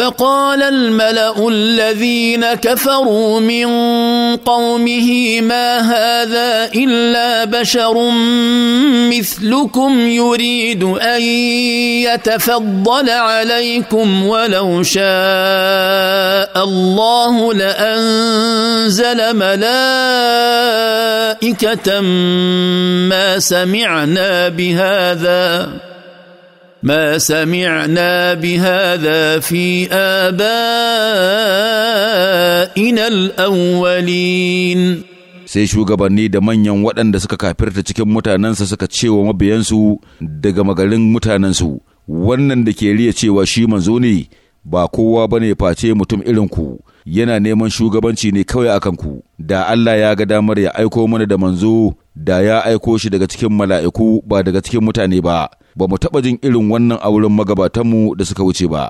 فقال الملا الذين كفروا من قومه ما هذا الا بشر مثلكم يريد ان يتفضل عليكم ولو شاء الله لانزل ملائكه ما سمعنا بهذا ما سمعنا بهذا في آبائنا الأولين sai shugabanni da manyan waɗanda suka kafirta cikin mutanensa suka ce wa mabiyansu daga magarin mutanensu wannan da ke riya cewa shi manzo ne ba kowa ba ne face mutum irinku yana neman shugabanci ne kawai a kanku da Allah ya ga damar ya aiko mana da manzo da ya aiko shi daga cikin mala'iku ba daga cikin mutane ba ba mu taɓa jin irin wannan a wurin magabatanmu da suka wuce ba.